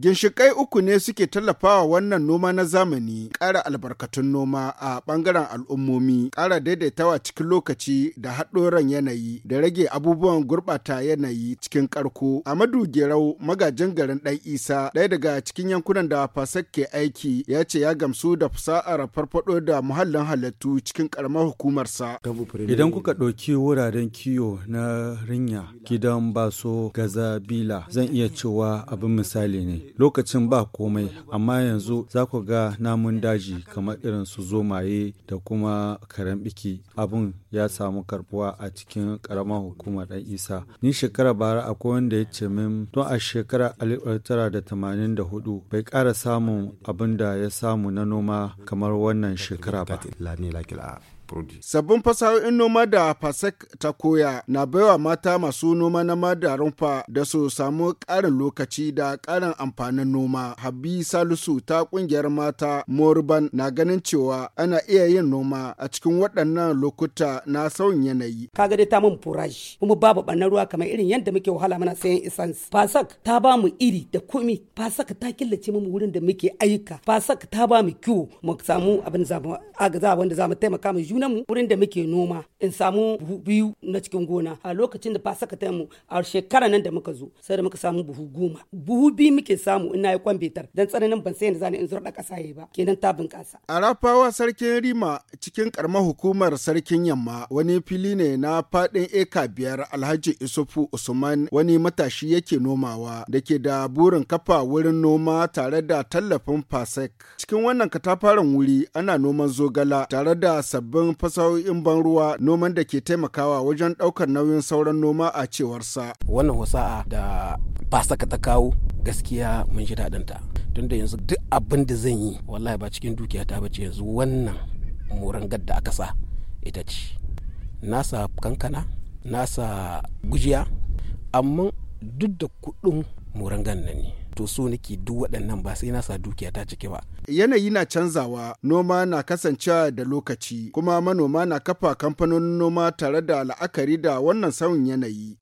ginshikai uku ne suke tallafawa wannan noma na zamani, ƙara albarkatun noma a ɓangaren al'ummomi, ƙara daidaitawa cikin lokaci da haɗoran yanayi da rage abubuwan gurɓata yanayi cikin ƙarko. Amadu Gerau magajin garin ɗan Isa, ɗaya daga cikin yankunan da Fasak ke aiki, ya ce ya gamsu da fasa'ar farfaɗo da muhallin halittu cikin ƙaramar hukumarsa. Idan kuka ɗauki wuraren kiwo na rinya, gidan baso, gaza, bila, zan iya cewa abin misali ne. lokacin ba komai amma yanzu za ku ga namun daji kamar irin su zomaye da kuma karen biki abun ya samu karbuwa a cikin karamar hukumar dan isa ni shekara bara akwai wanda ya ce min tun a shekara 1984 bai kara samun abin da ya samu na noma kamar wannan shekara ba produit. Sabbin fasahohin noma da pasek ta koya na baiwa mata masu noma na da rumfa da su samu karin lokaci da karin amfanin noma. Habi Salisu ta ƙungiyar mata Morban na ganin cewa ana iya yin noma a cikin waɗannan lokuta na sauyin yanayi. Kaga dai ta mun furashi kuma babu ɓannan ruwa kamar irin yadda muke wahala mana sayan essence. pasek ta ba mu iri da komi. pasek ta killace mu wurin da muke ayyuka. pasek ta ba mu kiwo mu samu abin za mu wanda za mu taimaka mu mu wurin da muke noma in samu buhu biyu na cikin gona a lokacin da fasaka ta mu a shekara nan da muka zo sai da muka samu buhu goma buhu biyu muke samu in nayi kwambetar dan tsananin ban sai da zani in zurɗa kasa ba kenan ta bunƙasa a rafawa sarkin rima cikin karamar hukumar sarkin yamma wani fili ne na faɗin eka biyar alhaji isufu usman wani matashi yake nomawa da ke da burin kafa wurin noma tare da tallafin fasek cikin wannan katafaren wuri ana noman zogala tare da sabbin fasahohin ban ruwa noman da ke taimakawa wajen ɗaukar nauyin sauran noma a cewarsa. Wannan wasa'a da ba saka ta kawo gaskiya mun ji daɗinta. Tunda yanzu duk abin da zan yi wallahi ba cikin dukiya ta bace yanzu wannan gad da aka sa ita ce. Nasa kankana, nasa gujiya, amma duk da kuɗin morangan nan ne. to so nake duk waɗannan ba sai na sa dukiya ta ciki ba yanayi na canzawa noma na kasancewa da lokaci kuma manoma na kafa kamfanonin noma tare da la'akari da wannan sauyin yanayi